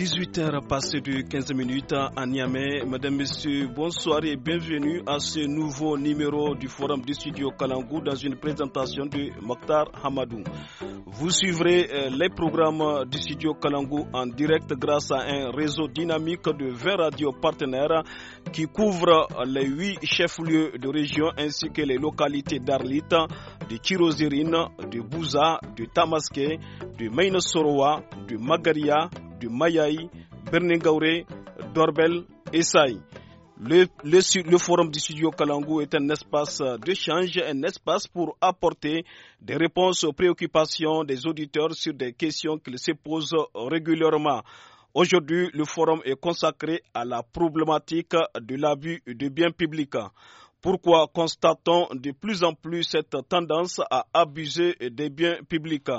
18h passé de 15 minutes à Niamey. Mesdames, Messieurs, bonsoir et bienvenue à ce nouveau numéro du Forum du Studio Kalangou dans une présentation de Mokhtar Hamadou. Vous suivrez euh, les programmes du Studio Kalangou en direct grâce à un réseau dynamique de 20 radios partenaires qui couvrent les 8 chefs-lieux de région ainsi que les localités d'Arlit, de Kirozirine, de Bouza, de Tamaské, de Mainosoroa, de Magaria, du Mayaï, Berningaure, Dorbel et Saï. Le, forum du studio Kalangou est un espace euh, d'échange, un espace pour apporter des réponses aux préoccupations des auditeurs sur des questions qu'ils se posent régulièrement. Aujourd'hui, le forum est consacré à la problématique de l'abus de biens publics. Pourquoi constatons de plus en plus cette tendance à abuser des biens publics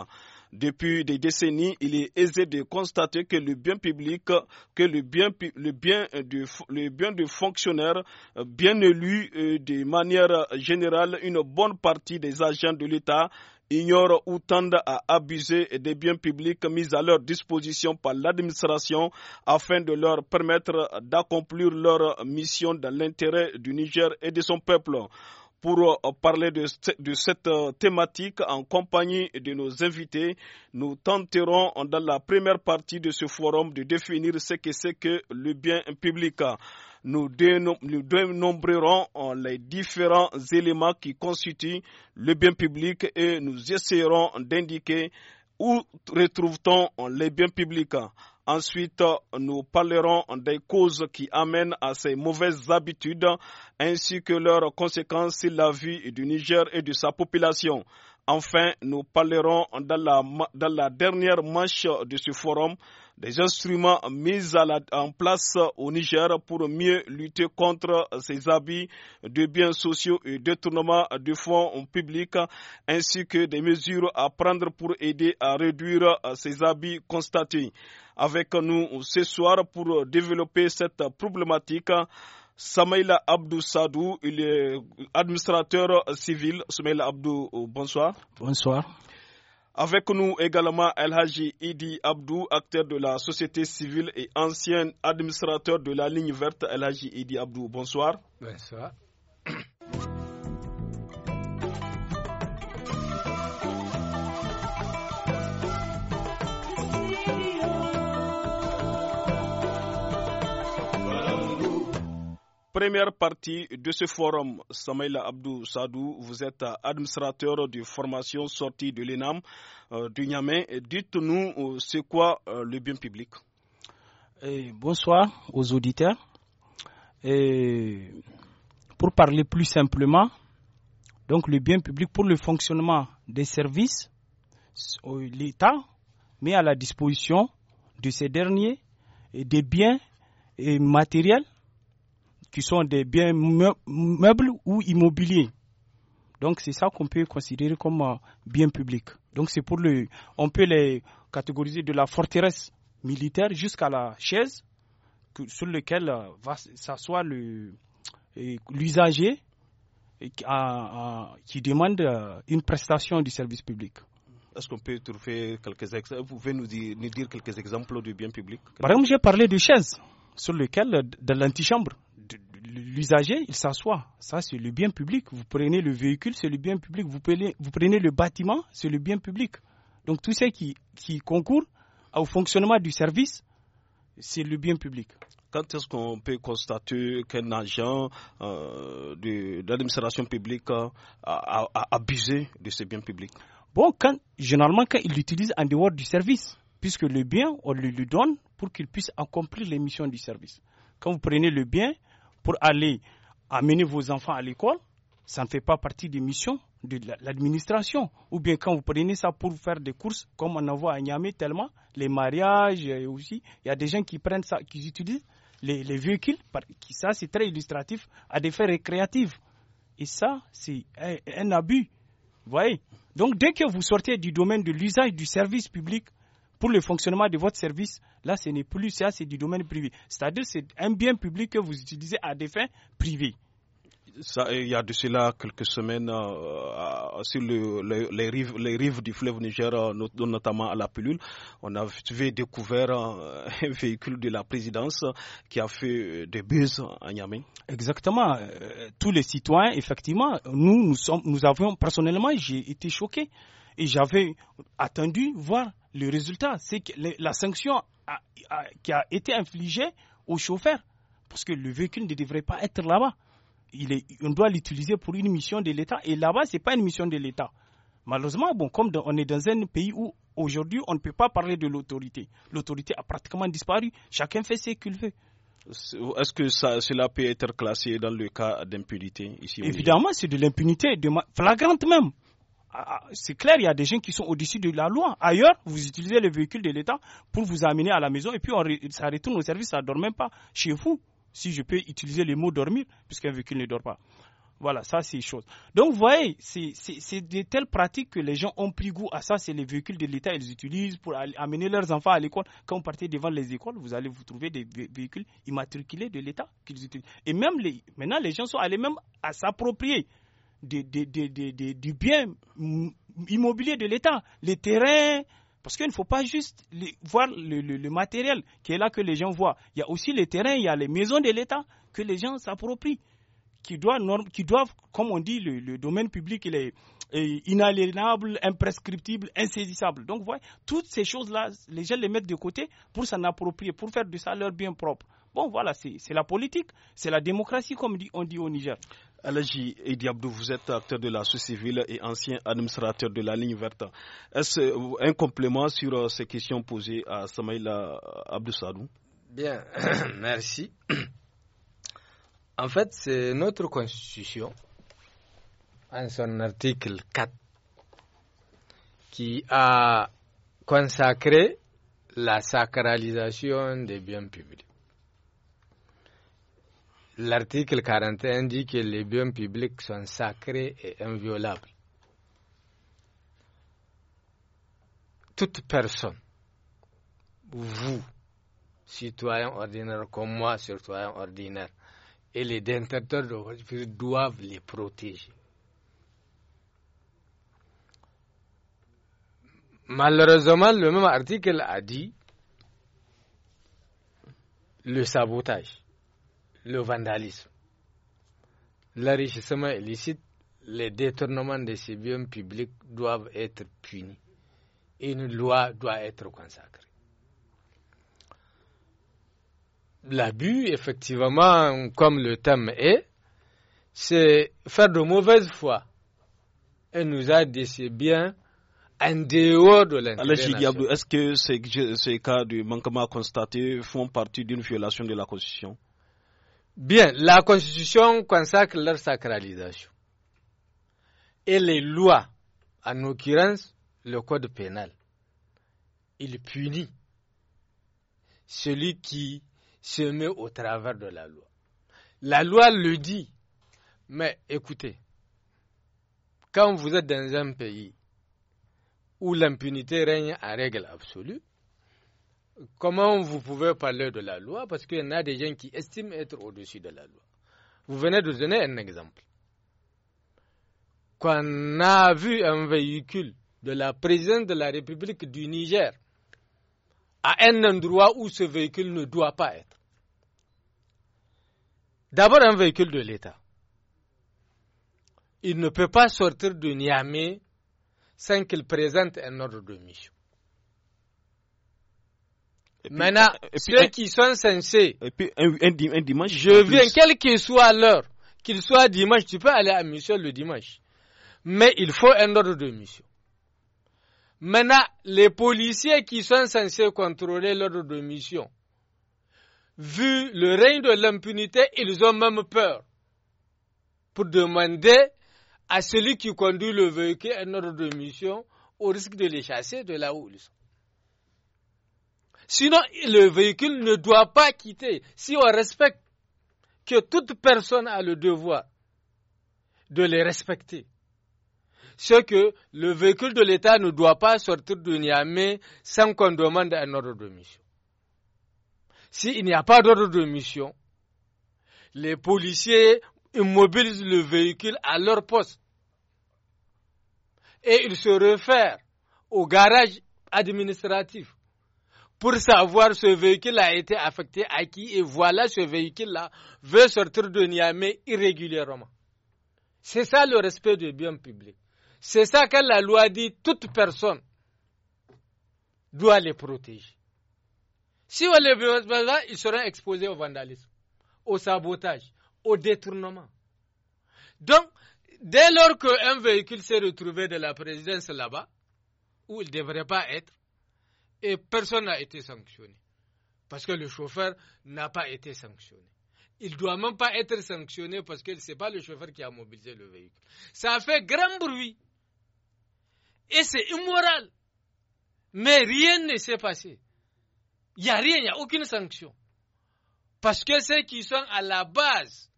depuis des décennies, il est aisé de constater que le bien public, que le bien, le bien, bien élu fonctionnaires, euh, de manière générale, une bonne partie des agents de l'État ignorent ou tendent à abuser des biens publics mis à leur disposition par l'administration afin de leur permettre d'accomplir leur mission dans l'intérêt du Niger et de son peuple pour euh, parler de, cette euh, thématique en compagnie de nos invités. Nous tenterons dans la première partie de ce forum de définir ce que c'est que le bien public. Nous, dénombrerons euh, les différents éléments qui constituent le bien public et nous essayerons d'indiquer où retrouve-t-on les biens publics. Ensuite, nous parlerons des causes qui amènent à ces mauvaises habitudes ainsi que leurs conséquences sur la vie du Niger et de sa population. Enfin, nous parlerons dans la, dernière manche de ce forum des instruments mis en place au Niger pour mieux lutter contre ces abus de biens sociaux et détournement de fonds publics, ainsi que des mesures à prendre pour aider à réduire ces abus constatés. Avec nous ce soir pour développer cette problématique, Samaïla Abdou Sadou, il est administrateur civil. Samaïla Abdou, bonsoir. Bonsoir. Avec nous également El Haji Idi Abdou, acteur de la société civile et ancien administrateur de la ligne verte. El Haji Idi Abdou, bonsoir. Bonsoir. première partie de ce forum, Samaïla Abdou Sadou, vous êtes administrateur de formation sortie de l'ENAM euh, du Niamey. Dites-nous, euh, c'est quoi euh, le bien public eh, Bonsoir aux auditeurs. Eh, pour parler plus simplement, donc le bien public pour le fonctionnement des services, l'État met à la disposition de ces derniers eh, des biens et matériels qui sont des biens meubles ou immobiliers. Donc c'est ça qu'on peut considérer comme euh, bien public. Donc c'est pour le, on peut les catégoriser de la forteresse militaire jusqu'à la chaise sur laquelle euh, ça va s'asseoir l'usager qui demande euh, une prestation du service public. Est-ce qu'on peut trouver quelques exemples Vous pouvez nous dire, quelques exemples de biens publics Par exemple, j'ai parlé de chaises sur lequel de l'antichambre, l'usager, il s'assoit. Ça, c'est le bien public. Vous prenez le véhicule, c'est le bien public. Vous prenez, vous prenez le bâtiment, c'est le bien public. Donc tout ce qui, qui concourt au fonctionnement du service, c'est le bien public. Quand est-ce qu'on peut constater qu'un agent euh, de, l'administration publique a, abusé de ce bien public Bon, généralement, quand il l'utilise en dehors du service, puisque le bien, on le lui donne pour qu'il puisse accomplir les missions du service. Quand vous prenez le bien, pour aller amener vos enfants à l'école, ça ne fait pas partie des missions de l'administration. Ou bien quand vous prenez ça pour faire des courses, comme on en voit à Niamey tellement, les mariages aussi, il y a des gens qui prennent ça, qui utilisent les, véhicules, ça c'est très illustratif, à des faits récréatifs. Et ça, c'est un, un, abus. Vous voyez Donc dès que vous sortez du domaine de l'usage du service public, pour le fonctionnement de votre service, là, ce n'est plus ça, c'est du domaine privé. C'est-à-dire, c'est un bien public que vous utilisez à des fins privées. il y a de cela quelques semaines euh, sur les, rives, du fleuve Niger, euh, notamment à la pilule, on a découvert euh, un véhicule de la présidence qui a fait des buzz à Niamey. Exactement. tous les citoyens, effectivement, nous, nous, sommes, personnellement, j'ai été choqué et j'avais attendu voir le résultat, c'est que la sanction qui a été infligée au chauffeur, parce que le véhicule ne devrait pas être là-bas. Il on doit l'utiliser pour une mission de l'État, et là-bas, ce n'est pas une mission de l'État. Malheureusement, bon, comme on est dans un pays où aujourd'hui on ne peut pas parler de l'autorité, l'autorité a pratiquement disparu, chacun fait ce qu'il veut. Est-ce que cela peut être classé dans le cas d'impunité ici Évidemment, c'est de l'impunité, de flagrante même. Ah, ah, c'est clair, il y a des gens qui sont au-dessus de la loi. Ailleurs, vous utilisez les véhicules de l'État pour vous amener à la maison et puis ça retourne au service, ça ne dort même pas chez vous, si je peux utiliser le mot dormir, puisqu'un véhicule ne dort pas. Voilà, ça c'est chose. Donc vous voyez, c'est de telles pratiques que les gens ont pris goût à ça. C'est les véhicules de l'État, ils utilisent pour amener leurs enfants à l'école. Quand vous partez devant les écoles, vous allez vous trouver des véhicules immatriculés de l'État qu'ils utilisent. Et même maintenant, les gens sont allés même à s'approprier du bien immobilier de l'État, les terrains, parce qu'il ne faut pas juste voir le, matériel qui est là que les gens voient. Il y a aussi les terrains, il y a les maisons de l'État que les gens s'approprient, qui doivent, qui doivent, comme on dit, le, domaine public, il est, inaliénable, imprescriptible, insaisissable. Donc, vous voyez, toutes ces choses-là, les gens les mettent de côté pour s'en approprier, pour faire de ça leur bien propre. Bon, voilà, c'est la politique, c'est la démocratie, comme dit, on dit au Niger. Alaji Diabdou, vous êtes acteur de la société civile et ancien administrateur de la ligne verte. Est-ce euh, un complément sur euh, ces questions posées à Samaïla euh, Abdoussadou Bien, merci. En fait, c'est notre constitution, en son article 4, qui a consacré la sacralisation des biens publics l'article 41 dit que les biens publics sont sacrés et inviolables. Toute personne, vous, citoyen ordinaire comme moi, citoyen ordinaire, et les détenteurs de doivent les protéger. Malheureusement, le même article a dit le sabotage le vandalisme, l'enrichissement illicite, les détournements de ces biens publics doivent être punis. Une loi doit être consacrée. L'abus, effectivement, comme le thème est, c'est faire de mauvaise foi. Et nous a de ces biens en dehors de l'intérêt. est-ce que ces, ces cas de manquement constatés font partie d'une violation de la Constitution Bien, la Constitution consacre leur sacralisation. Et les lois, en l'occurrence le Code pénal, il punit celui qui se met au travers de la loi. La loi le dit, mais écoutez, quand vous êtes dans un pays où l'impunité règne à règle absolue, comment vous pouvez parler de la loi parce qu'il y en a des gens qui estiment être au-dessus de la loi. Vous venez de donner un exemple. Qu'on a vu un véhicule de la présidente de la République du Niger à un endroit où ce véhicule ne doit pas être. D'abord un véhicule de l'État. Il ne peut pas sortir de Niamey sans qu'il présente un ordre de mission. Maintenant, ceux qui sont censés. Et puis un, dimanche. Je viens, quelle que soit l'heure, qu'il soit dimanche, tu peux aller à mission le dimanche. Mais il faut un ordre de mission. Maintenant, les policiers qui sont censés contrôler l'ordre de mission, vu le règne de l'impunité, ils ont même peur pour demander à celui qui conduit le véhicule un ordre de mission au risque de les chasser de là où ils sont. Sinon, le véhicule ne doit pas quitter. Si on respecte que toute personne a le devoir de les respecter, c'est que le véhicule de l'État ne doit pas sortir de Niamey sans qu'on demande un ordre de mission. S'il n'y a pas d'ordre de mission, les policiers immobilisent le véhicule à leur poste et ils se réfèrent au garage administratif pour savoir ce véhicule a été affecté à qui et voilà ce véhicule-là veut sortir de Niamey irrégulièrement. C'est ça le respect du bien public. C'est ça que la loi dit, toute personne doit les protéger. Si on les veut, ben, ben, ils seront exposés au vandalisme, au sabotage, au détournement. Donc, dès lors qu'un véhicule s'est retrouvé de la présidence là-bas, où il ne devrait pas être, et personne n'a été sanctionné. Parce que le chauffeur n'a pas été sanctionné. Il ne doit même pas être sanctionné parce que ce n'est pas le chauffeur qui a mobilisé le véhicule. Ça a fait grand bruit. Et c'est immoral. Mais rien ne s'est passé. Il n'y a rien, il n'y a aucune sanction. Parce que ceux qui sont à la base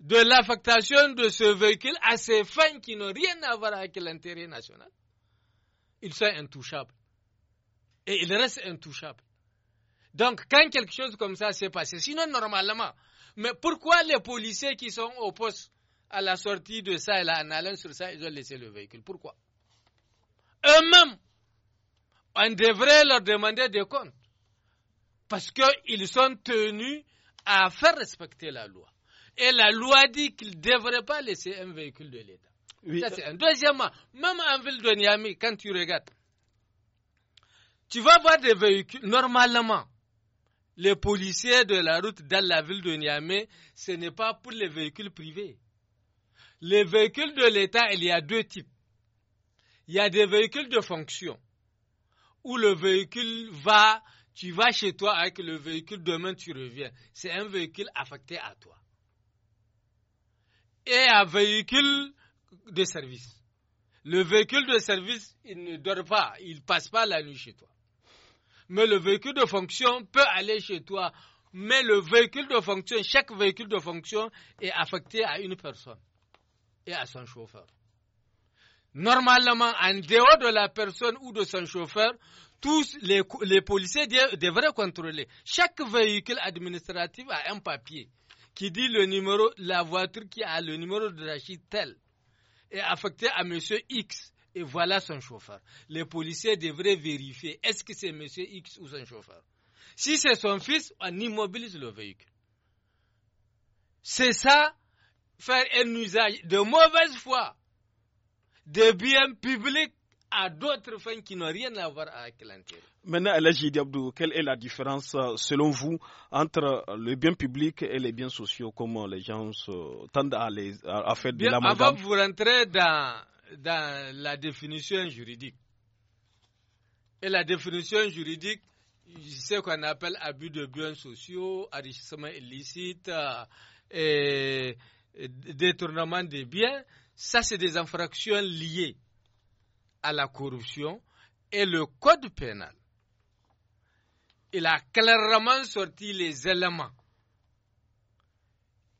de l'affectation de ce véhicule à ces fins qui n'ont rien à voir avec l'intérêt national, ils sont intouchables et il reste intouchable. Donc, quand quelque chose comme ça s'est passé, sinon normalement, mais pourquoi les policiers qui sont au poste à la sortie de ça et là, en allant sur ça, ils ont laissé le véhicule Pourquoi Eux-mêmes, on devrait leur demander des comptes. Parce qu'ils sont tenus à faire respecter la loi. Et la loi dit qu'ils ne devraient pas laisser un véhicule de l'État. Euh, un. Deuxièmement, même en ville de Niamey, quand tu regardes, tu vas voir des véhicules. Normalement, les policiers de la route dans la ville de Niamey, ce n'est pas pour les véhicules privés. Les véhicules de l'État, il y a deux types. Il y a des véhicules de fonction, où le véhicule va, tu vas chez toi avec le véhicule, demain tu reviens. C'est un véhicule affecté à toi. Et un véhicule de service. Le véhicule de service, il ne dort pas, il ne passe pas la nuit chez toi mais le véhicule de fonction peut aller chez toi. Mais le véhicule de fonction, chaque véhicule de fonction est affecté à une personne et à son chauffeur. Normalement, en dehors de la personne ou de son chauffeur, tous les, policiers devraient contrôler. Chaque véhicule administratif a un papier qui dit le numéro, la voiture qui a le numéro de la tel est affecté à monsieur X et voilà son chauffeur. Les policiers devraient vérifier est-ce que c'est monsieur X ou son chauffeur. Si c'est son fils, on immobilise le véhicule. C'est ça, faire un usage de mauvaise foi des biens publics à d'autres fins qui n'ont rien à voir avec l'intérêt. Maintenant, Elagi Diabdou, quelle est la différence, euh, selon vous, entre euh, le bien public et les biens sociaux Comment les gens tendent à, faire de la Avant de vous rentrer dans dans la définition juridique. Et la définition juridique, c'est qu'on appelle abus de biens sociaux, enrichissement illicite euh, et détournement des biens. Ça, c'est des infractions liées à la corruption. Et le code pénal, il a clairement sorti les éléments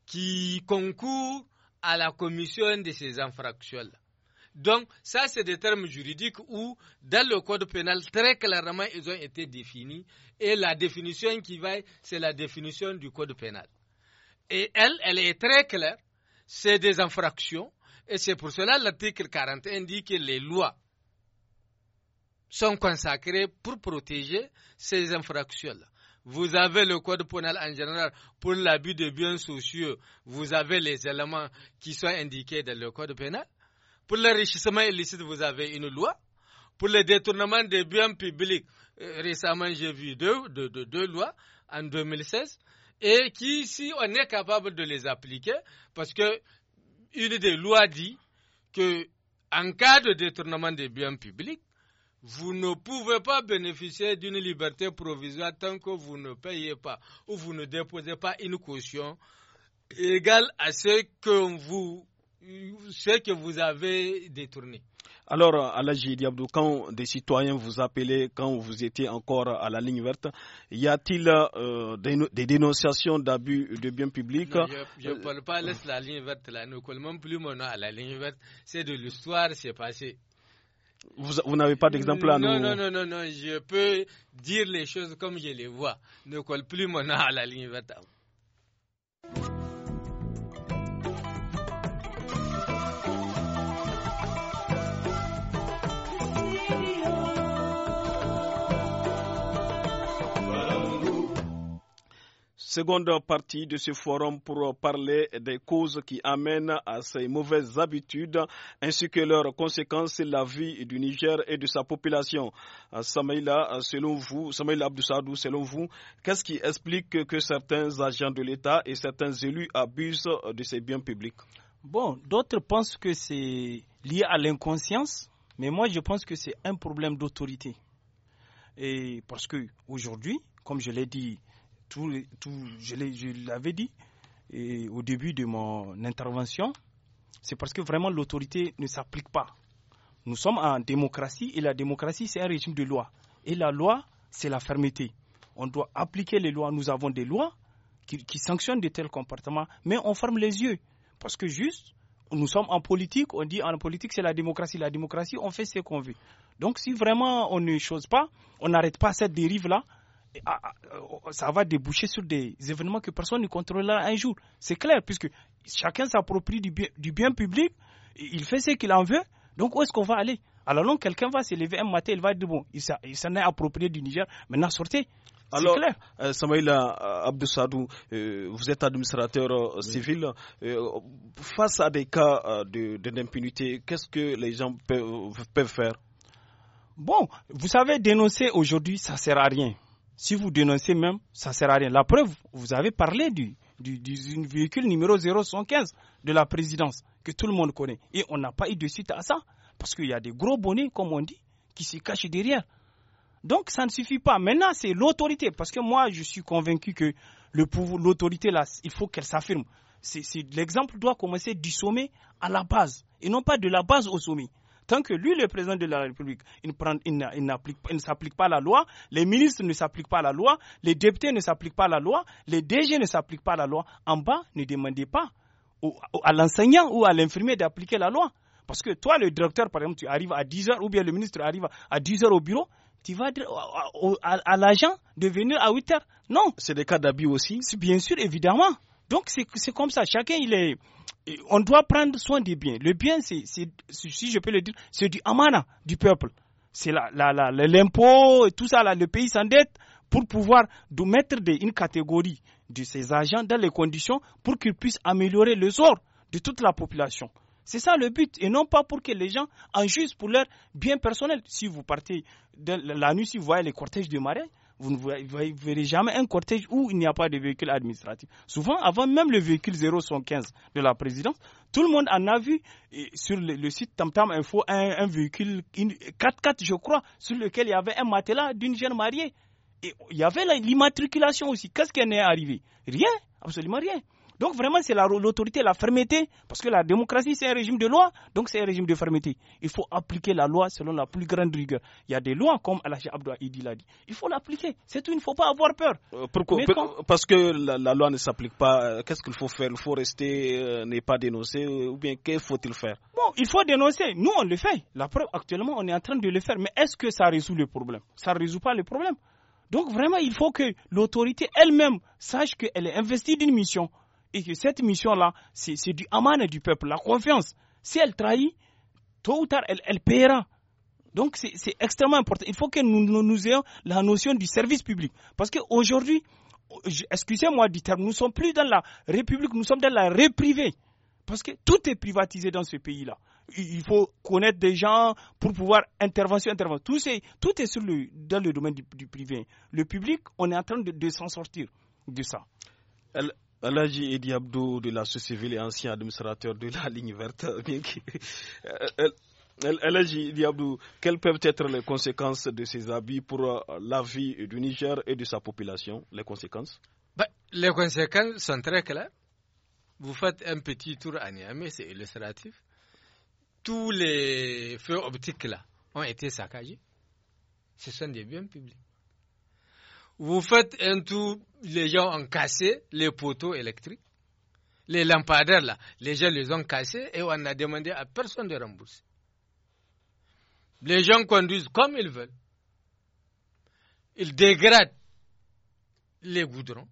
qui concourent à la commission de ces infractions-là. Donc, ça, c'est des termes juridiques où, dans le code pénal, très clairement, ils ont été définis. Et la définition qui va, c'est la définition du code pénal. Et elle, elle est très claire. C'est des infractions. Et c'est pour cela que l'article 41 dit que les lois sont consacrées pour protéger ces infractions-là. Vous avez le code pénal en général pour l'abus de biens sociaux. Vous avez les éléments qui sont indiqués dans le code pénal. Pour l'enrichissement illicite, vous avez une loi. Pour le détournement des biens publics, euh, récemment j'ai vu deux, deux, lois en 2016 et qui, si on est capable de les appliquer, parce que une des lois dit que en cas de détournement des biens publics, vous ne pouvez pas bénéficier d'une liberté provisoire tant que vous ne payez pas ou vous ne déposez pas une caution égale à ce que vous ce que vous avez détourné. Alors, Alaji Diabdou, quand des citoyens vous appelaient, quand vous étiez encore à la ligne verte, y a-t-il euh, des, dénonciations d'abus de biens publics Je ne parle pas, laisse la ligne verte là, ne colle même plus mon nom à la ligne verte. C'est de l'histoire, c'est passé. Vous, vous n'avez pas d'exemple à nous Non, non, non, non, je peux dire les choses comme je les vois. Ne colle plus mon nom à la ligne verte. Seconde partie de ce forum pour parler des causes qui amènent à ces mauvaises habitudes ainsi que leurs conséquences sur la vie du Niger et de sa population. Euh, Samaïla, euh, selon vous, Samaïla Abdoussadou, selon vous, qu'est-ce qui explique que certains agents de l'État et certains élus abusent de ces biens publics Bon, d'autres pensent que c'est lié à l'inconscience, mais moi je pense que c'est un problème d'autorité. Et parce que aujourd'hui, comme je l'ai dit, tout, je l'avais dit et au début de mon intervention, c'est parce que vraiment l'autorité ne s'applique pas. Nous sommes en démocratie et la démocratie, c'est un régime de loi. Et la loi, c'est la fermeté. On doit appliquer les lois. Nous avons des lois qui, qui sanctionnent de tels comportements, mais on ferme les yeux. Parce que juste, nous sommes en politique, on dit en politique, c'est la démocratie. La démocratie, on fait ce qu'on veut. Donc si vraiment on ne chose pas, on n'arrête pas cette dérive-là, ah, ah, euh, ça va déboucher sur des événements que personne ne contrôlera un jour. C'est clair, puisque chacun s'approprie du bien, public, il fait ce qu'il en veut, donc où est-ce qu'on va aller Alors non, quelqu'un va se lever un matin, il va dire, bon, il s'en est approprié du Niger, maintenant sortez. C'est clair. Euh, Samaïla euh, Abdou euh, vous êtes administrateur civil. face à des cas d'impunité, de, qu'est-ce que les gens peuvent, peuvent faire Bon, vous savez, dénoncer aujourd'hui, ça ne sert à rien. Si vous dénoncez même, ça ne sert à rien. La preuve, vous avez parlé du, du, véhicule numéro 015 de la présidence, que tout le monde connaît. Et on n'a pas eu de suite à ça, parce qu'il y a des gros bonnets, comme on dit, qui se cachent derrière. Donc ça ne suffit pas. Maintenant, c'est l'autorité, parce que moi, je suis convaincu que le pouvoir, l'autorité, là, il faut qu'elle s'affirme. L'exemple doit commencer du sommet à la base, et non pas de la base au sommet tant que lui, le président de la République, il, ne s'applique pas la loi, les ministres ne s'appliquent pas la loi, les députés ne s'appliquent pas la loi, les DG ne s'appliquent pas la loi, en bas, ne demandez pas à l'enseignant ou à l'infirmier d'appliquer la loi. Parce que toi, le directeur, par exemple, tu arrives à 10 heures, ou bien le ministre arrive à 10 heures au bureau, tu vas à, l'agent de venir à 8 heures. Non. C'est des cas d'abus aussi Bien sûr, évidemment. Donc c'est comme ça, chacun il est... On doit prendre soin des biens. Le bien, c'est, si je peux le dire, c'est du amana du peuple. C'est l'impôt, la, tout ça, là, le pays s'endette pour pouvoir de mettre une catégorie de ces agents dans les conditions pour qu'ils puissent améliorer le sort de toute la population. C'est ça le but, et non pas pour que les gens en jugent pour leur bien personnel. Si vous partez de la nuit, si vous voyez les cortèges de marais, vous ne verrez jamais un cortège où il n'y a pas de véhicule administratif. Souvent, avant même le véhicule 015 de la présidence, tout le monde en a vu sur le, site Tamtam Info un, véhicule 4x4, je crois, sur lequel il y avait un matelas d'une jeune mariée. Et il y avait l'immatriculation aussi. Qu'est-ce qui en est arrivé Rien, absolument rien. Donc vraiment, c'est l'autorité, la, fermeté, parce que la démocratie, c'est un régime de loi, donc c'est un régime de fermeté. Il faut appliquer la loi selon la plus grande rigueur. Il y a des lois, comme al Abdoua Idi l'a dit. Il faut l'appliquer. C'est tout, il ne faut pas avoir peur. Euh, pourquoi Parce que la, loi ne s'applique pas. Euh, qu'est-ce qu'il faut faire Il faut rester, euh, ne pas dénoncer, ou bien quest faut-il faire Bon, il faut dénoncer. Nous, on le fait. La preuve, actuellement, on est en train de le faire. Mais est-ce que ça résout le problème Ça ne résout pas le problème. Donc vraiment, il faut que l'autorité elle-même sache qu'elle est investie d'une mission et que cette mission-là, c'est du aman du peuple, la confiance. Si elle trahit, tôt ou tard, elle, paiera. Donc c'est extrêmement important. Il faut que nous, nous, ayons la notion du service public. Parce qu'aujourd'hui, excusez-moi du terme, nous ne sommes plus dans la République, nous sommes dans la réprivée. Parce que tout est privatisé dans ce pays-là. Il faut connaître des gens pour pouvoir intervention, intervention. Tout est, tout est sur le, dans le domaine du, privé. Le public, on est en train de, de s'en sortir de ça. Elle... Alaji Edi de la Société et ancien administrateur de la ligne verte. Euh, euh, Alaji Edi quelles peuvent être les conséquences de ces habits pour euh, la vie du Niger et de sa population Les conséquences ben, Les conséquences sont très claires. Vous faites un petit tour à Niamey, c'est illustratif. Tous les feux optiques là ont été saccagés. Ce sont des biens publics. Vous faites un tour, les gens ont cassé les poteaux électriques, les lampadaires là, les gens les ont cassés et on n'a demandé à personne de rembourser. Les gens conduisent comme ils veulent. Ils dégradent les goudrons.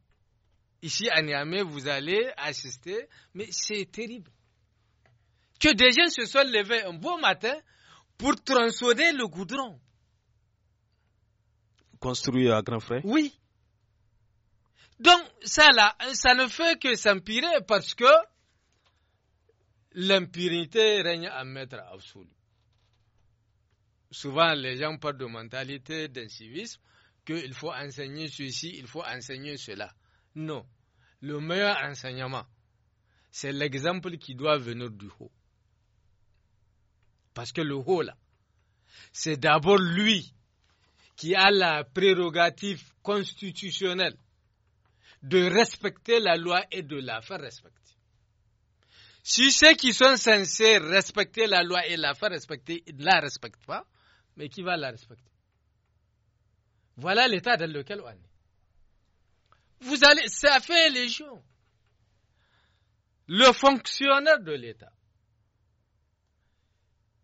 Ici à Niamey, vous allez assister, mais c'est terrible. Que des gens se soient levés un beau matin pour transformer le goudron. Construire à grand frère Oui. Donc, ça là, ça ne fait que s'empirer parce que l'impurité règne à maître absolu. Souvent, les gens parlent de mentalité d'incivisme, qu'il faut enseigner ceci, il faut enseigner cela. Non. Le meilleur enseignement, c'est l'exemple qui doit venir du haut. Parce que le haut, là, c'est d'abord lui qui a la prérogative constitutionnelle de respecter la loi et de la faire respecter. Si ceux qui sont censés respecter la loi et la faire respecter ne la respectent pas, mais qui va la respecter Voilà l'état dans lequel on est. Vous allez, ça fait les gens, Le fonctionnaire de l'État,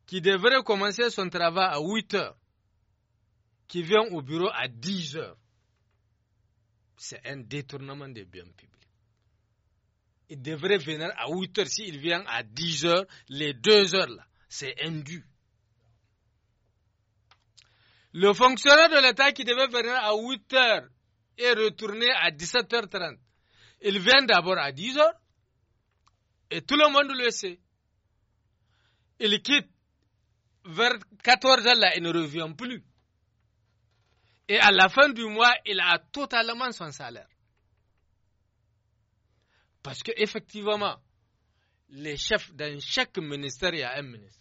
qui devrait commencer son travail à 8 heures, qui vient au bureau à 10 heures, c'est un détournement des biens publics. Il devrait venir à 8 heures. S'il vient à 10 heures, les deux heures là, c'est indu. Le fonctionnaire de l'État qui devait venir à 8 heures et retourner à 17h30, il vient d'abord à 10 heures et tout le monde le sait. Il quitte vers 14 heures là et ne revient plus. Et à la fin du mois, il a totalement son salaire. Parce qu'effectivement, les chefs dans chaque ministère, il y a un ministre.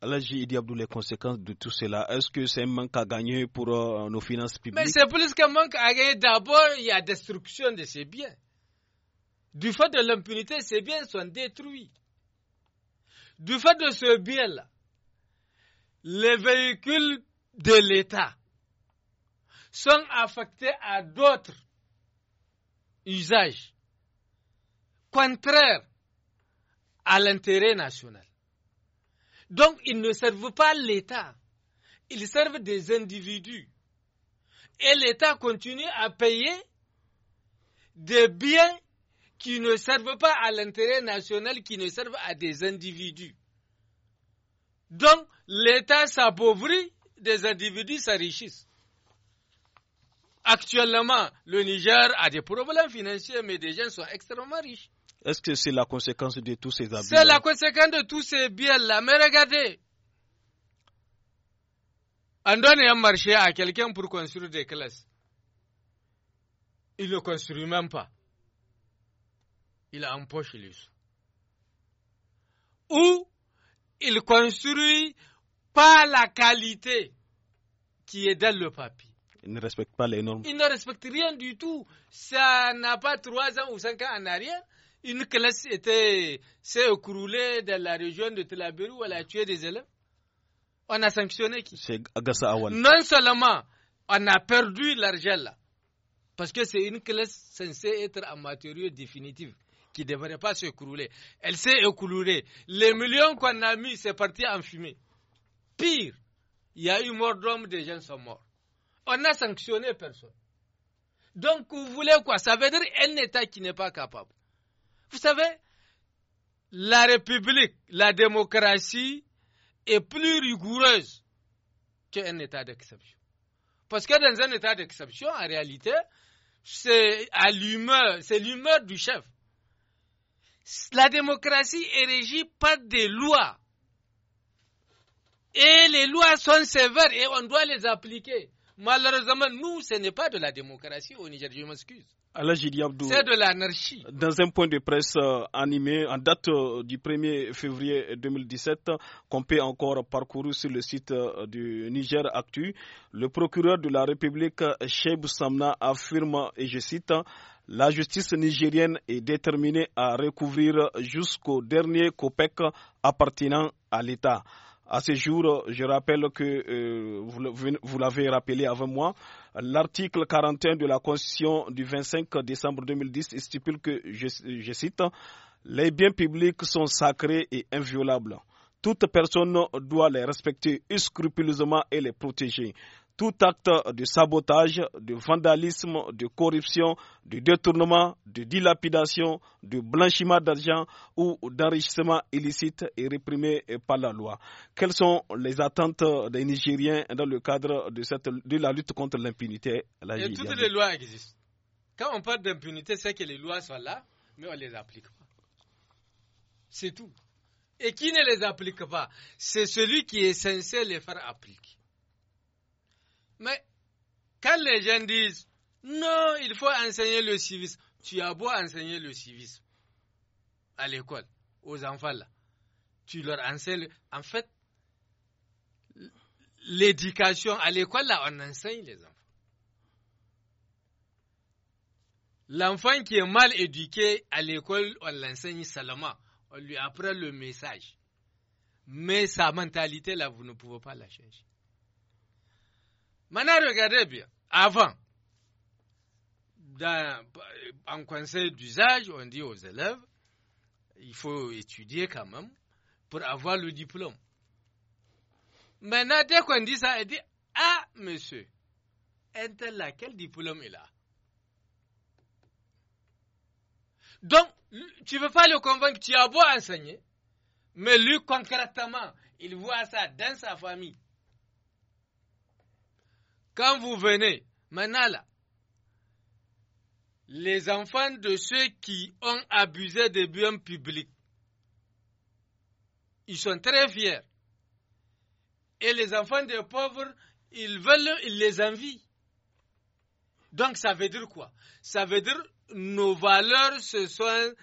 Alors, j'ai dit, les conséquences de tout cela, est-ce que c'est un manque à gagner pour euh, nos finances publiques Mais c'est plus qu'un manque à gagner. D'abord, il y a destruction de ces biens. Du fait de l'impunité, ces biens sont détruits. Du fait de ce bien-là, les véhicules de l'État, sont affectés à d'autres usages contraires à l'intérêt national. Donc, ils ne servent pas l'État, ils servent des individus. Et l'État continue à payer des biens qui ne servent pas à l'intérêt national, qui ne servent à des individus. Donc, l'État s'appauvrit, des individus s'enrichissent. Actuellement, le Niger a des problèmes financiers, mais des gens sont extrêmement riches. Est-ce que c'est la conséquence de tous ces abus C'est la conséquence de tous ces biens-là. Mais regardez, on donne un marché à quelqu'un pour construire des classes. Il ne construit même pas. Il empoche les sous. Ou il construit pas la qualité qui est dans le papier. Ils ne respectent pas les normes. Ils ne respectent rien du tout. Ça n'a pas trois ans ou cinq ans en arrière. Une classe était s'est écroulée dans la région de Telabéru elle a tué des élèves. On a sanctionné qui C'est Agassa Awan. Non seulement on a perdu l'argent là, parce que c'est une classe censée être un matériau définitif qui ne devrait pas s'écrouler. Elle s'est écroulée. Les millions qu'on a mis, c'est parti en fumée. Pire, il y a eu mort d'hommes, des gens sont morts. On n'a sanctionné personne. Donc, vous voulez quoi Ça veut dire un État qui n'est pas capable. Vous savez, la République, la démocratie est plus rigoureuse qu'un État d'exception. Parce que dans un État d'exception, en réalité, c'est à l'humeur, c'est l'humeur du chef. La démocratie est régie par des lois. Et les lois sont sévères et on doit les appliquer. Malheureusement, nous, ce n'est pas de la démocratie au Niger, je m'excuse. C'est de l'anarchie. Dans un point de presse euh, animé en date euh, du 1er février 2017, qu'on peut encore parcourir sur le site euh, du Niger Actu, le procureur de la République, Cheb Samna, affirme, et je cite, la justice nigérienne est déterminée à recouvrir jusqu'au dernier COPEC appartenant à l'État. À ce jour, je rappelle que, euh, vous, l'avez rappelé avant moi, l'article 41 de la Constitution du 25 décembre 2010 stipule que, je cite, les biens publics sont sacrés et inviolables. Toute personne doit les respecter scrupuleusement et les protéger tout acte de sabotage, de vandalisme, de corruption, de détournement, de dilapidation, de blanchiment d'argent ou d'enrichissement illicite est réprimé par la loi. Quelles sont les attentes des Nigériens dans le cadre de, la lutte contre l'impunité toutes les lois existent. Quand on parle d'impunité, c'est que les lois sont là, mais on ne les applique pas. C'est tout. Et qui ne les applique pas C'est celui qui est censé les faire appliquer. Mais quand les gens disent non, il faut enseigner le civisme, tu as beau enseigner le civisme à l'école, aux enfants là, tu leur enseignes. En fait, l'éducation à l'école là, on enseigne les enfants. L'enfant qui est mal éduqué à l'école, on l'enseigne seulement. On lui apprend le message. Mais sa mentalité là, vous ne pouvez pas la changer. Maintenant, regardez bien. Avant, dans, en conseil d'usage, on dit aux élèves, il faut étudier quand même pour avoir le diplôme. Maintenant, dès qu'on dit ça, elle dit Ah, monsieur, quel diplôme il a Donc, tu ne veux pas le convaincre, tu as beau enseigner, mais lui, concrètement, il voit ça dans sa famille. Quand vous venez, maintenant là, les enfants de ceux qui ont abusé des biens publics, ils sont très fiers. Et les enfants des pauvres, ils veulent, ils les envient. Donc ça veut dire quoi Ça veut dire nos valeurs, sont,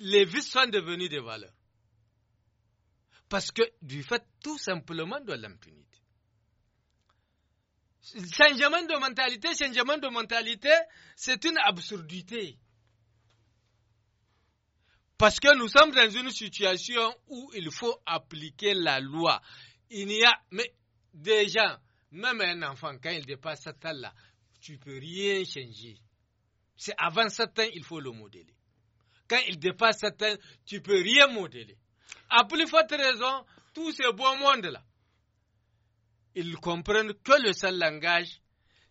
les vies sont devenues des valeurs. Parce que du fait tout simplement de l'impunité changement de mentalité, changement de mentalité, c'est une absurdité. Parce que nous sommes dans une situation où il faut appliquer la loi. Il y a, mais des même un enfant, quand il dépasse satan là tu peux rien changer. C'est avant Satan, il faut le modéler. Quand il dépasse Satan, tu tu peux rien modéler. À plus forte raison, tous ces bons monde-là, ils comprennent que le seul langage,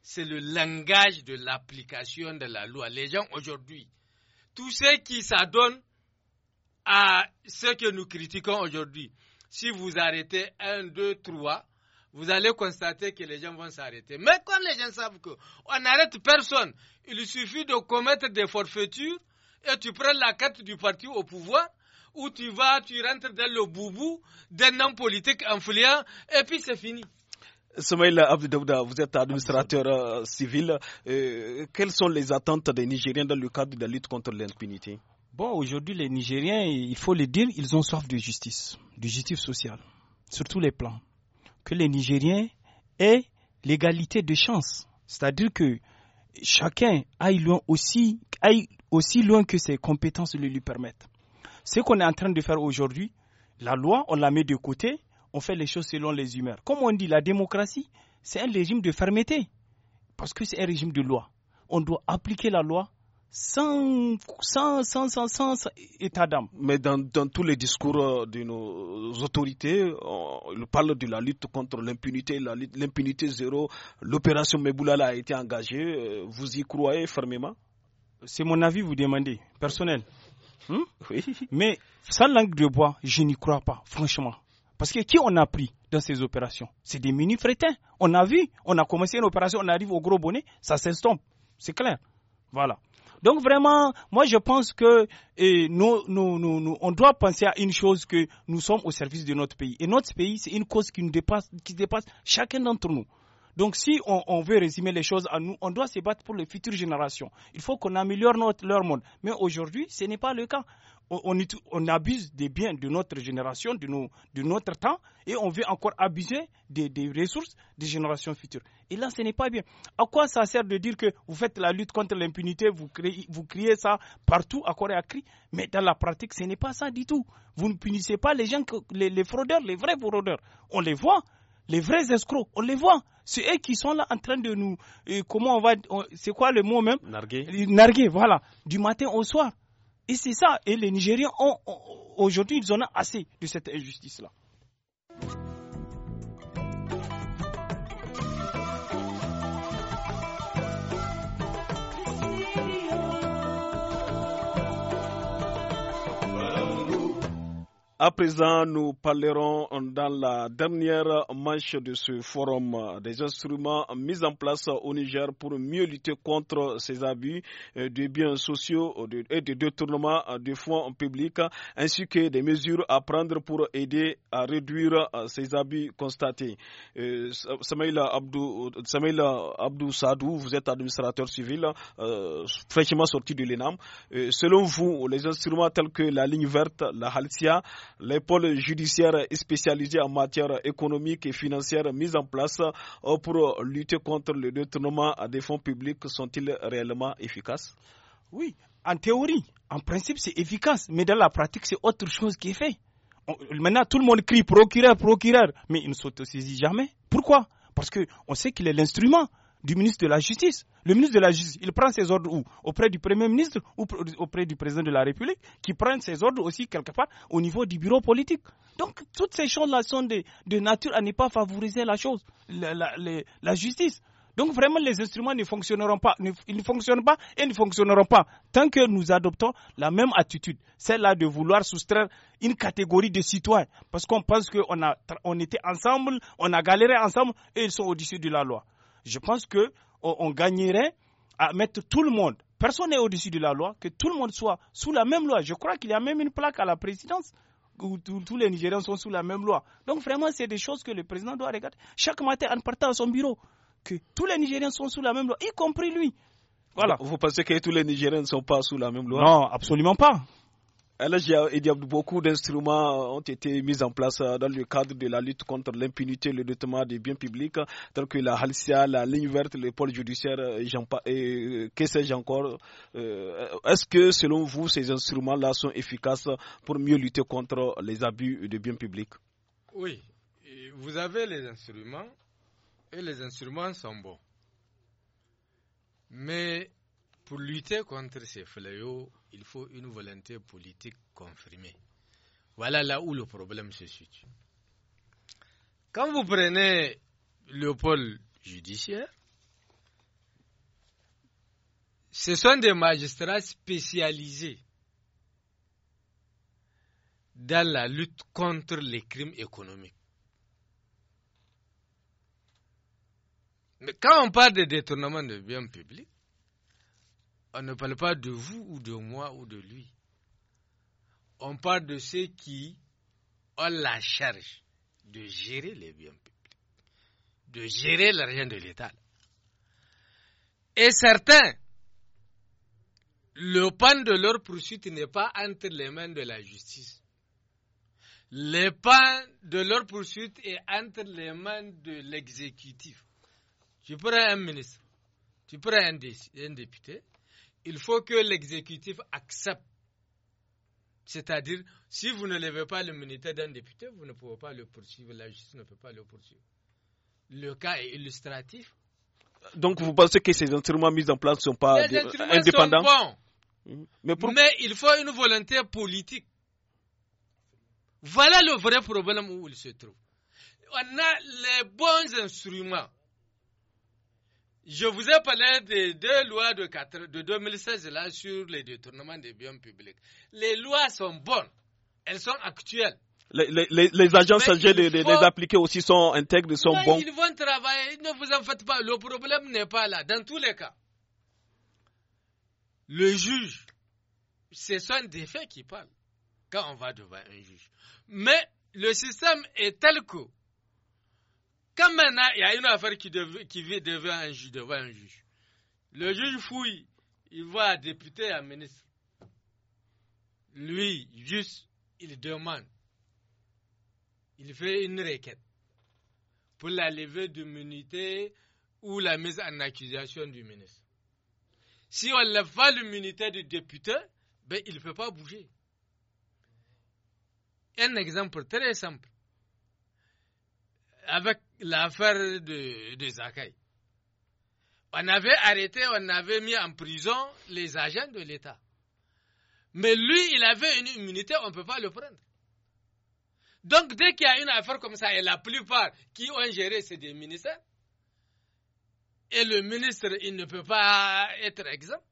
c'est le langage de l'application de la loi. Les gens aujourd'hui, tous ceux qui s'adonnent à ce que nous critiquons aujourd'hui, si vous arrêtez un, deux, trois, vous allez constater que les gens vont s'arrêter. Mais quand les gens savent qu'on n'arrête personne, il suffit de commettre des forfaitures et tu prends la carte du parti au pouvoir, ou tu vas, tu rentres dans le boubou d'un homme politique influent, et puis c'est fini. Somaïla Abdoudaouda, vous êtes administrateur euh, civil. Euh, quelles sont les attentes des Nigériens dans le cadre de la lutte contre l'impunité Bon, aujourd'hui, les Nigériens, il faut le dire, ils ont soif de justice, de justice sociale, sur tous les plans. Que les Nigériens aient l'égalité de chance, c'est-à-dire que chacun aille loin aussi, aille aussi loin que ses compétences le lui permettent. Ce qu'on est en train de faire aujourd'hui, la loi, on la met de côté, on fait les choses selon les humeurs. Comme on dit, la démocratie, c'est un régime de fermeté, parce que c'est un régime de loi. On doit appliquer la loi sans, sans, sans, sans, sans état d'âme. Mais dans, tous les discours euh, de nos autorités, on parle de la lutte contre l'impunité, l'impunité zéro. L'opération Meboulala a été engagée. Euh, vous y croyez fermement C'est mon avis, vous demandez, personnel. Hmm? Mais sans langue de bois, je n'y crois pas, franchement. Parce que qui on a pris dans ces opérations C'est des mini-frétins. On a vu, on a commencé une opération, on arrive au gros bonnet, ça s'estompe. C'est clair. Voilà. Donc vraiment, moi je pense que nous, on doit penser à une chose que nous sommes au service de notre pays. Et notre pays, c'est une cause qui nous dépasse, qui dépasse chacun d'entre nous. Donc si on, veut résumer les choses à nous, on doit se battre pour les futures générations. Il faut qu'on améliore leur monde. Mais aujourd'hui, ce n'est pas le cas on, abuse des biens de notre génération, de, notre temps, et on veut encore abuser des, ressources des générations futures. Et là, ce n'est pas bien. À quoi ça sert de dire que vous faites la lutte contre l'impunité, vous, vous criez ça partout, à corée et à cri, mais dans la pratique, ce n'est pas ça du tout. Vous ne punissez pas les gens, les, les fraudeurs, les vrais fraudeurs. On les voit, les vrais escrocs, on les voit. ceux eux qui sont là en train de nous. Euh, comment on va. C'est quoi le mot même Narguer. Narguer, voilà. Du matin au soir. Et c'est ça. Et les Nigériens ont, aujourd'hui, ils en ont assez de cette injustice-là. À présent, nous parlerons dans la dernière manche de ce forum des instruments mis en place au Niger pour mieux lutter contre ces abus des biens sociaux et de détournement de fonds publics, ainsi que des mesures à prendre pour aider à réduire ces abus constatés. Euh, Samuel Abdou, Sadou, vous êtes administrateur civil, euh, fraîchement sorti de l'ENAM. Euh, selon vous, les instruments tels que la ligne verte, la Halcia, les pôles judiciaires spécialisés en matière économique et financière mis en place euh, pour lutter contre le détournement des fonds publics sont-ils réellement efficaces Oui, en théorie, en principe c'est efficace, mais dans la pratique c'est autre chose qui est fait. Maintenant tout le monde crie procureur, procureur, mais il ne s'autosaisit jamais. Pourquoi Parce qu'on sait qu'il est l'instrument du ministre de la Justice. Le ministre de la Justice, il prend ses ordres où Auprès du Premier ministre ou auprès du Président de la République, qui prend ses ordres aussi quelque part au niveau du bureau politique. Donc, toutes ces choses-là sont de, nature à ne pas favoriser la chose, la, justice. Donc vraiment, les instruments ne fonctionneront pas, ils ne fonctionnent pas et ne fonctionneront pas tant que nous adoptons la même attitude, celle-là de vouloir soustraire une catégorie de citoyens, parce qu'on pense qu'on on était ensemble, on a galéré ensemble et ils sont au-dessus de la loi je pense que on, gagnerait à mettre tout le monde, personne n'est au-dessus de la loi, que tout le monde soit sous la même loi. Je crois qu'il y a même une plaque à la présidence où tous les Nigériens sont sous la même loi. Donc vraiment, c'est des choses que le président doit regarder chaque matin en partant à son bureau, que tous les Nigériens sont sous la même loi, y compris lui. Voilà. Vous pensez que tous les Nigériens ne sont pas sous la même loi Non, absolument pas. Alors, beaucoup d'instruments ont été mis en place euh, dans le cadre de la lutte contre l'impunité et le détournement des biens publics, tels que la Halcia, la ligne verte, le pôle judiciaire, euh, et euh, que sais-je encore. Est-ce que, selon vous, ces instruments-là sont efficaces pour mieux lutter contre les abus de biens publics Oui, vous avez les instruments et les instruments sont bons. Mais pour lutter contre ces fléaux, il faut une volonté politique confirmée. Voilà là où le problème se situe. Quand vous prenez le pôle judiciaire, ce sont des magistrats spécialisés dans la lutte contre les crimes économiques. Mais quand on parle de détournement de biens publics, on ne parle pas de vous ou de moi ou de lui. On parle de ceux qui ont la charge de gérer les biens publics, de gérer l'argent de l'État. Et certains, le pan de leur poursuite n'est pas entre les mains de la justice. Le pan de leur poursuite est entre les mains de l'exécutif. Tu prends un ministre, tu prends un, un député, il faut que l'exécutif accepte. C'est-à-dire, si vous ne levez pas l'immunité d'un député, vous ne pouvez pas le poursuivre, la justice ne peut pas le poursuivre. Le cas est illustratif. Donc vous pensez que ces instruments mis en place ne sont pas indépendants Mais il faut une volonté politique. Voilà le vrai problème où il se trouve. On a les bons instruments, je vous ai parlé des deux lois de, 2016 là sur les détournements des biens publics. Les lois sont bonnes, elles sont actuelles. Les, agents chargés de, les appliquer aussi sont intègres, sont bons. Ils vont travailler, ne vous en faites pas, le problème n'est pas là, dans tous les cas. Le juge, ce sont des faits qui parle quand on va devant un juge. Mais le système est tel que quand maintenant il y a une affaire qui, vit devant un juge, devant un juge, le juge fouille, il voit un député, un ministre. Lui, juste, il demande. Il fait une requête pour la levée d'immunité ou la mise en accusation du ministre. Si on lève pas l'immunité du député, ben, il ne peut pas bouger. Un exemple très simple avec l'affaire de, de Zakaï. On avait arrêté, on avait mis en prison les agents de l'État. Mais lui, il avait une immunité, on ne peut pas le prendre. Donc, dès qu'il y a une affaire comme ça, et la plupart qui ont géré, c'est des ministères. Et le ministre, il ne peut pas être exempt.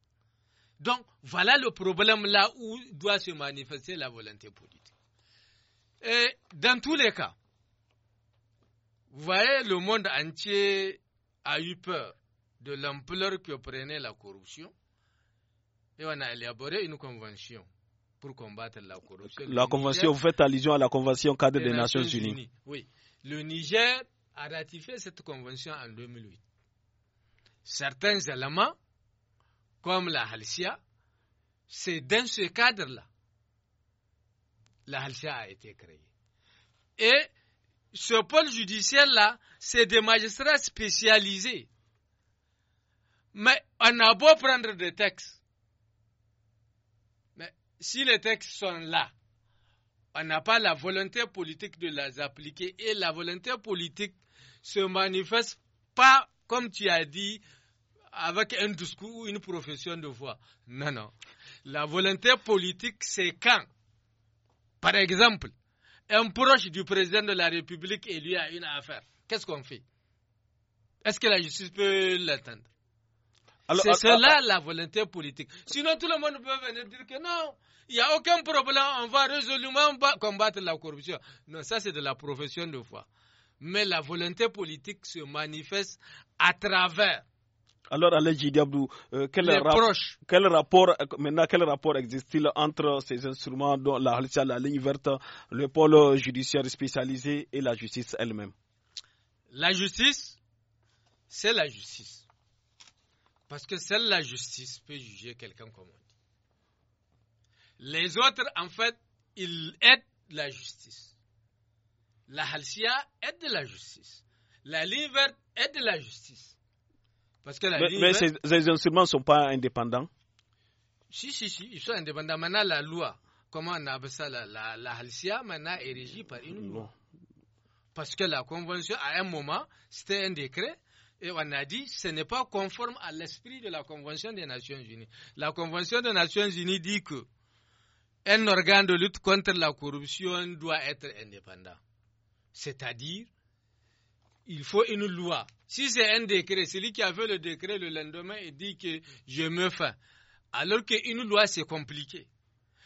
Donc, voilà le problème là où doit se manifester la volonté politique. Et dans tous les cas, vous voyez, le monde entier a eu peur de l'ampleur que prenait la corruption et on a élaboré une convention pour combattre la corruption. La convention, vous faites allusion à la convention cadre des, Nations, Unies. Oui. Le Niger a ratifié cette convention en 2008. Certains éléments, comme la Halcia, c'est dans ce cadre-là la Halcia a été créée. Et ce pôle judiciaire-là, c'est des magistrats spécialisés. Mais on a beau prendre des textes. Mais si les textes sont là, on n'a pas la volonté politique de les appliquer. Et la volonté politique se manifeste pas, comme tu as dit, avec un discours ou une profession de foi. Non, non. La volonté politique, c'est quand, par exemple, un proche du président de la République et lui a une affaire. Qu'est-ce qu'on fait Est-ce que la justice peut l'atteindre C'est ah, cela ah, ah. la volonté politique. Sinon, tout le monde peut venir dire que non, il n'y a aucun problème, on va résolument combattre la corruption. Non, ça c'est de la profession de foi. Mais la volonté politique se manifeste à travers alors, Aléji Diabdou, euh, quel, rapport, maintenant, quel rapport existe-t-il entre ces instruments, dont la, la ligne verte, le pôle judiciaire spécialisé et la justice elle-même La justice, c'est la justice. Parce que seule la justice peut juger quelqu'un comme on dit. Les autres, en fait, ils aident la justice. La Halcia aide la justice. La ligne verte aide la justice mais, ces, instruments ne sont pas indépendants Si, si, si, ils sont indépendants. Maintenant, la loi, comment on appelle ça La, la, Halcia, maintenant, est régie par une loi. Parce que la convention, à un moment, c'était un décret. Et on a dit, ce n'est pas conforme à l'esprit de la Convention des Nations Unies. La Convention des Nations Unies dit que un organe de lutte contre la corruption doit être indépendant. C'est-à-dire, il faut une loi si c'est un décret, celui qui avait le décret le lendemain et dit que je me fais, alors qu'une loi c'est compliqué.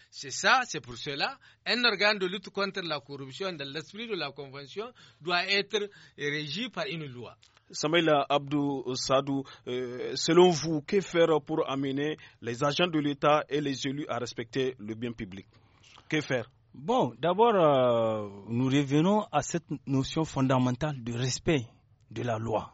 C'est ça, c'est pour cela, un organe de lutte contre la corruption dans l'esprit de la Convention doit être régi par une loi. Samaïla Abdou Sadou, euh, selon vous, que faire pour amener les agents de l'État et les élus à respecter le bien public Que faire Bon, d'abord, euh, nous revenons à cette notion fondamentale du respect de la loi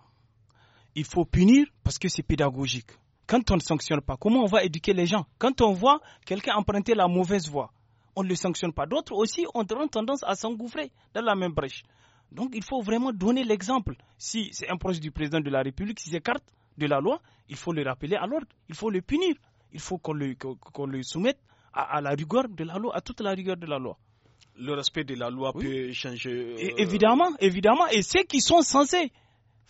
il faut punir parce que c'est pédagogique. Quand on ne sanctionne pas, comment on va éduquer les gens Quand on voit quelqu'un emprunter la mauvaise voie, on ne le sanctionne pas. D'autres aussi ont tendance à s'engouffrer dans la même brèche. Donc il faut vraiment donner l'exemple. Si c'est un proche du président de la République, s'il s'écarte de la loi, il faut le rappeler à l'ordre, il faut le punir, il faut qu'on le, soumette à, la rigueur de la loi, à toute la rigueur de la loi. Le respect de la loi peut changer. Euh, évidemment, évidemment. Et ceux qui sont censés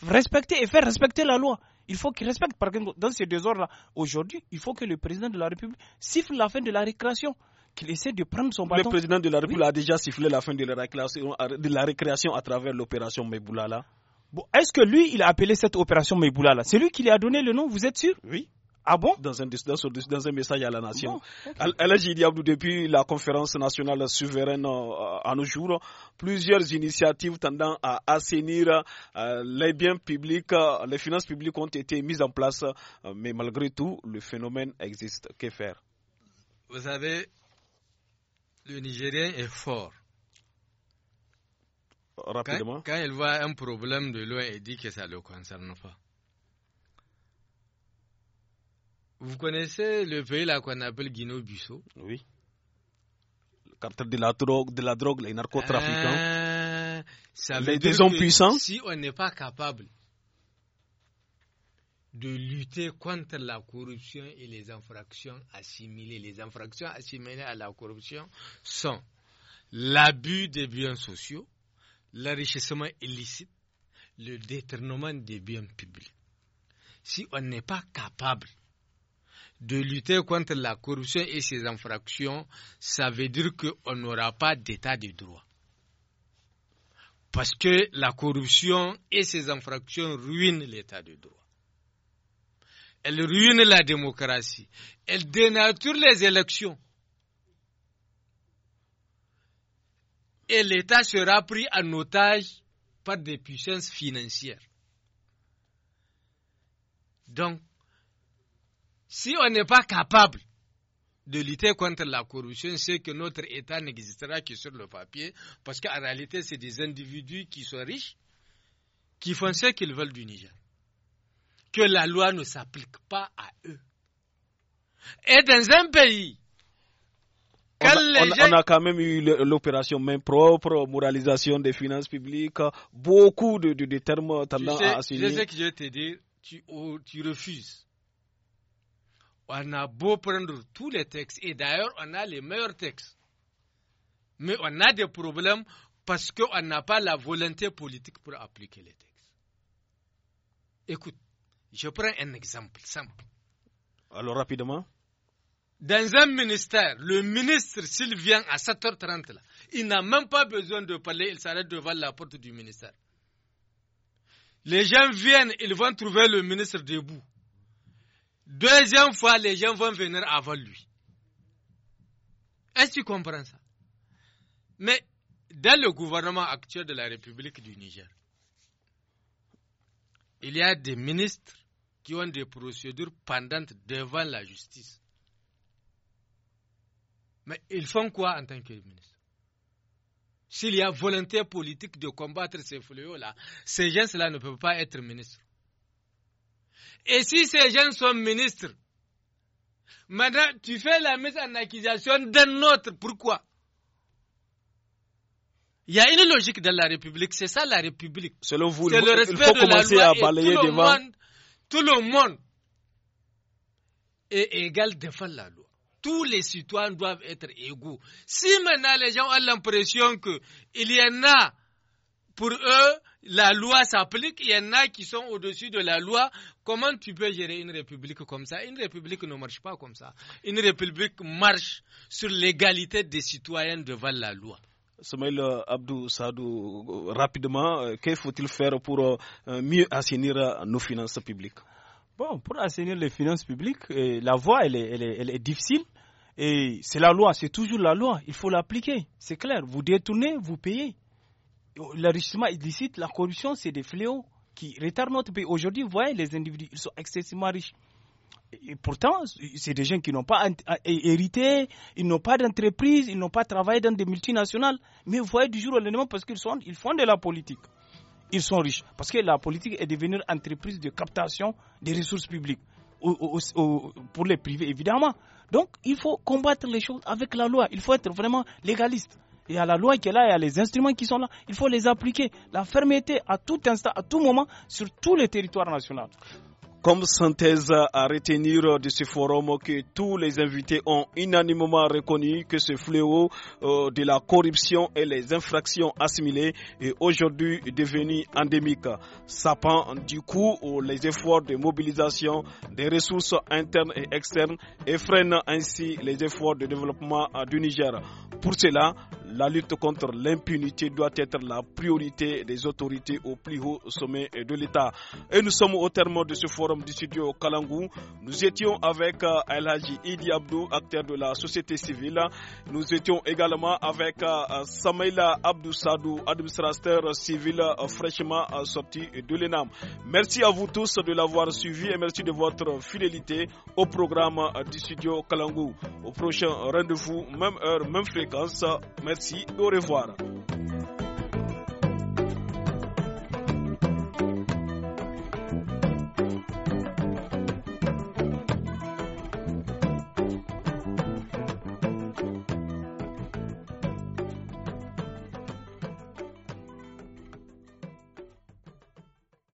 respecter et faire respecter la loi. Il faut qu'il respecte. Par exemple, dans ces désordres-là, aujourd'hui, il faut que le président de la République siffle la fin de la récréation qu'il essaie de prendre son bâton. Le président de la République a déjà sifflé la fin de la récréation, à travers l'opération Meboulala. Bon, Est-ce que lui, il a appelé cette opération Meboulala C'est lui qui lui a donné le nom, vous êtes sûr Oui. Ah bon dans un, dans message à la nation. depuis la conférence nationale souveraine euh, à nos jours, plusieurs initiatives tendant à assainir euh, les biens publics, euh, les finances publiques ont été mises en place, mais malgré tout, le phénomène existe. Que faire Vous savez, le Nigérien est fort. Rapidement. Quand, il voit un problème de loi il dit que ça ne le concerne pas. Vous connaissez le pays qu'on appelle Guinée-Bissau Oui. Le cartel de la drogue, de la drogue les narcotrafiquants. Euh, les Si on n'est pas capable de lutter contre la corruption et les infractions assimilées, les infractions assimilées à la corruption sont l'abus des biens sociaux, l'enrichissement illicite, le détournement des biens publics. Si on n'est pas capable de lutter contre la corruption et ses infractions, ça veut dire qu'on n'aura pas d'état de droit. Parce que la corruption et ses infractions ruinent l'état de droit. Elles ruinent la démocratie. Elles dénaturent les élections. Et l'État sera pris en otage par des puissances financières. Donc, si on n'est pas capable de lutter contre la corruption, c'est que notre État n'existera que sur le papier, parce qu'en réalité, c'est des individus qui sont riches, qui font ce qu'ils veulent du Niger. Que la loi ne s'applique pas à eux. Et dans un pays on a, quand même eu l'opération main propre, moralisation des finances publiques, beaucoup de, de, termes tendant à assumer. Je sais que je vais te dire, tu oh, refuses on a beau prendre tous les textes, et d'ailleurs, on a les meilleurs textes. Mais on a des problèmes parce qu'on n'a pas la volonté politique pour appliquer les textes. Écoute, je prends un exemple simple. Alors, rapidement. Dans un ministère, le ministre, s'il vient à 7h30, là, il n'a même pas besoin de parler, il s'arrête devant la porte du ministère. Les gens viennent, ils vont trouver le ministre debout. Deuxième fois, les gens vont venir avant lui. Est-ce que tu comprends ça Mais dans le gouvernement actuel de la République du Niger, il y a des ministres qui ont des procédures pendantes devant la justice. Mais ils font quoi en tant que ministres S'il y a volonté politique de combattre ces fléaux-là, ces gens-là ne peuvent pas être ministres. Et si ces gens sont ministres, maintenant tu fais la mise en accusation d'un autre. Pourquoi il y a une logique dans la République, c'est ça la République. Selon vous, le, il faut commencer à balayer tout Le monde, tout le monde est égal devant la loi. Tous les citoyens doivent être égaux. Si maintenant les gens ont l'impression qu'il y en a pour eux, la loi s'applique, il y en a qui sont au-dessus de la loi. Comment tu peux gérer une république comme ça Une république ne marche pas comme ça. Une république marche sur l'égalité des citoyens devant la loi. Samaïl euh, Abdou Sadou, euh, rapidement, euh, qu'il faut faire pour mieux assainir nos finances publiques Bon, pour assainir les finances publiques, la voie, elle est difficile. Et c'est la loi, c'est toujours la loi. Il faut l'appliquer, c'est clair. Vous détournez, vous payez l'enrichissement illicite, la corruption, c'est des fléaux qui retardent notre pays. Aujourd'hui, vous voyez, les individus, ils sont excessivement riches. Et pourtant, c'est des gens qui n'ont pas euh, hérité, ils n'ont pas d'entreprise, ils n'ont pas travaillé dans des multinationales. Mais vous voyez du jour au lendemain parce qu'ils ils font de la politique. Ils sont riches. Parce que la politique est devenue entreprise de captation des ressources publiques. pour les privés, évidemment. Donc, il faut combattre les choses avec la loi. Il faut être vraiment légaliste. Il y a la loi qui est là, il y a les instruments qui sont là. Il faut les appliquer. La fermeté à tout instant, à tout moment, sur tous les territoires nationaux comme synthèse à retenir de ce forum que tous les invités ont unanimement reconnu que ce fléau euh, de la corruption et les infractions assimilées est aujourd'hui devenu endémique, sapant du coup les efforts de mobilisation des ressources internes et externes et freinant ainsi les efforts de développement euh, du Niger. Pour cela, la lutte contre l'impunité doit être la priorité des autorités au plus haut sommet de l'État. Et nous sommes au terme de ce forum du studio Kalangou. Nous étions avec euh, El Idi Abdou, acteur de la société civile. Nous étions également avec euh, Samaïla Abdou Sadou, administrateur civil euh, fraîchement sorti de l'ENAM. Merci à vous tous de l'avoir suivi et merci de votre fidélité au programme du studio Kalangou. Au prochain rendez-vous, même heure, même fréquence. Merci, au revoir.